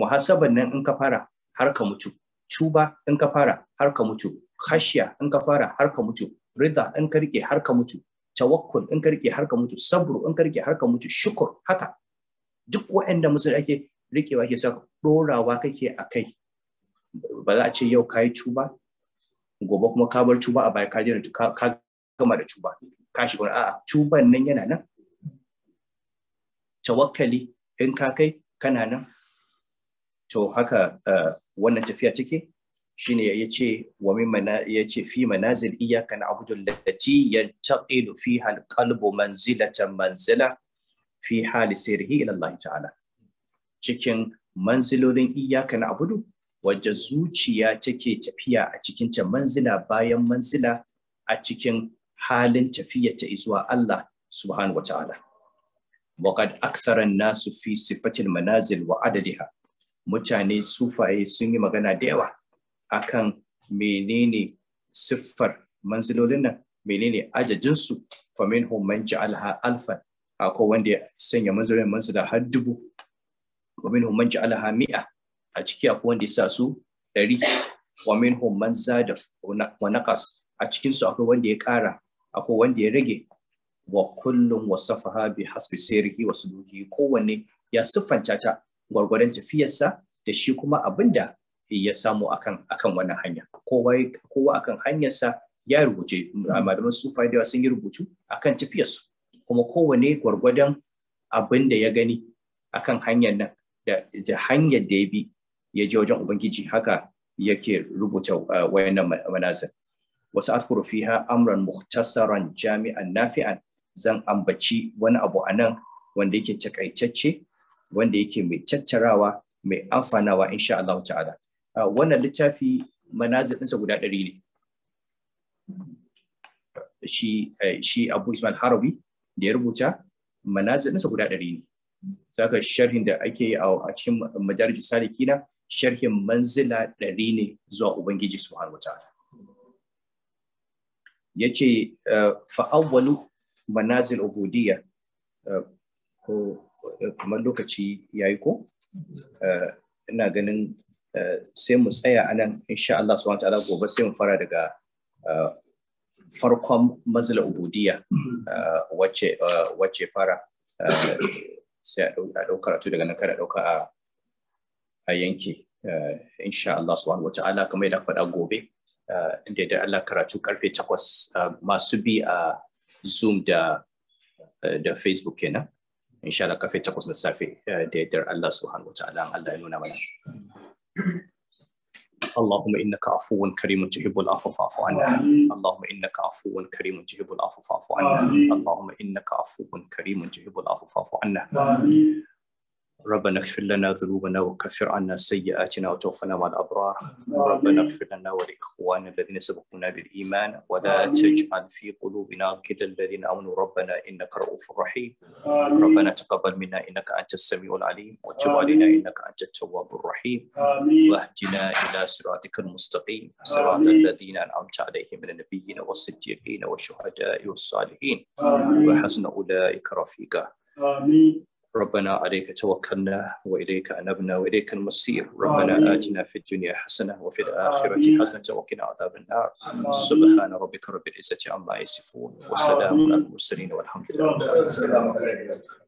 muhasabar nan in ka fara har ka mutu tuba in ka fara har ka mutu khashiya in ka fara har ka mutu rida in ka rike har ka mutu tawakkul in ka rike har ka mutu sabru in ka rike har ka mutu shukur haka duk waɗanda musulmi ake rikewa ke saka dorawa kake a kai ba za a ce yau kayi tuba gobe kuma ka bar tuba a baya ka jira ka gama da tuba ka shiga a'a tuban nan yana nan tawakkali in ka kai kana nan to haka eh, wannan tafiya take shine ya ce wa mimma ya ce fi manazil iyyaka na'budu allati yantaqilu fiha alqalbu manzilatan manzila fi hali sirrihi ila Allah ta'ala cikin manzilolin iyyaka na'budu wajen zuciya take tafiya a cikin ta manzila bayan manzila a cikin halin tafiya ta zuwa Allah subhanahu wa ta'ala وقد أكثر الناس في صفة المنازل وعددها mutane sufaye sun yi magana da yawa akan menene siffar manzilolin nan menene ajajinsu hum man ja'alha alfan akwai wanda ya sanya manzilolin manzila har dubu hum man ja'alha mi'a a ciki akwai wanda ya sa su ɗari hum man zadaf wa naqas a cikin su akwai wanda ya ƙara akwai wanda ya rage wa kullum wasafaha bi hasbi sirrihi wa suluki kowanne ya siffanta ta gwargwadon tafiyarsa da shi kuma abinda ya samu akan akan wannan hanya kowa kowa akan hanyarsa ya rubuce malaman sufa da sun yi rubutu akan tafiyarsu kuma kowanne gwargwadon abinda ya gani akan hanyar nan da hanyar da ya bi ya je wajen ubangiji haka yake rubuta eh, wayannan manazir wasu azkuru fiha amran muhtasaran jami'an nafi'an zan ambaci wani abu a nan wanda yake takaitacce wanda yake mai tattarawa mai amfanawa insha Allah ta'ala wannan littafi manazilinsa guda ɗari ne shi eh, shi Abu Ismail Harabi da ya rubuta manazilinsa guda ɗari ne saka sharhin da ake yi a cikin saliki na, sharhin manzila ɗari ne zuwa ubangiji subhanahu wataala yace eh, fa awwalu manazil ubudiyya uh, ko uh, kamar lokaci ya yi ko uh, ina ganin sai mu tsaya anan insha Allah su wata gobe sai mu fara daga farkon Mazal ubudiyya wacce fara sai a ɗau karatu daga nan kada ɗauka a yanki insha Allah wata ala kamar yadda faɗa gobe inda da Allah karatu karfe takwas masu bi a Zoom da eh, da Facebook kenan. Insha Allah kafe takwas na safe eh, da yadda Allah subhanahu wa ta'ala Allah ya nuna mana. اللهم انك عفو كريم تحب العفو فاعف عنا اللهم انك عفو كريم تحب العفو فاعف عنا اللهم انك عفو كريم تحب العفو فاعف عنا ربنا اغفر لنا ذنوبنا وكفر عنا سيئاتنا وتوفنا مع الابرار ربنا اغفر لنا ولاخواننا الذين سبقونا بالايمان ولا تجعل في قلوبنا غلا الذين امنوا ربنا انك رؤوف رحيم ربنا تقبل منا انك انت السميع العليم وتب علينا انك انت التواب الرحيم واهدنا الى صراطك المستقيم صراط الذين انعمت عليهم من النبيين والصديقين والشهداء والصالحين وحسن اولئك رفيقا امين ربنا عليك توكلنا وإليك أنبنا وإليك المصير ربنا آتنا في الدنيا حسنة وفي الآخرة حسنة وقنا عذاب النار سبحان ربك رب العزة عما يصفون وسلام على المرسلين والحمد لله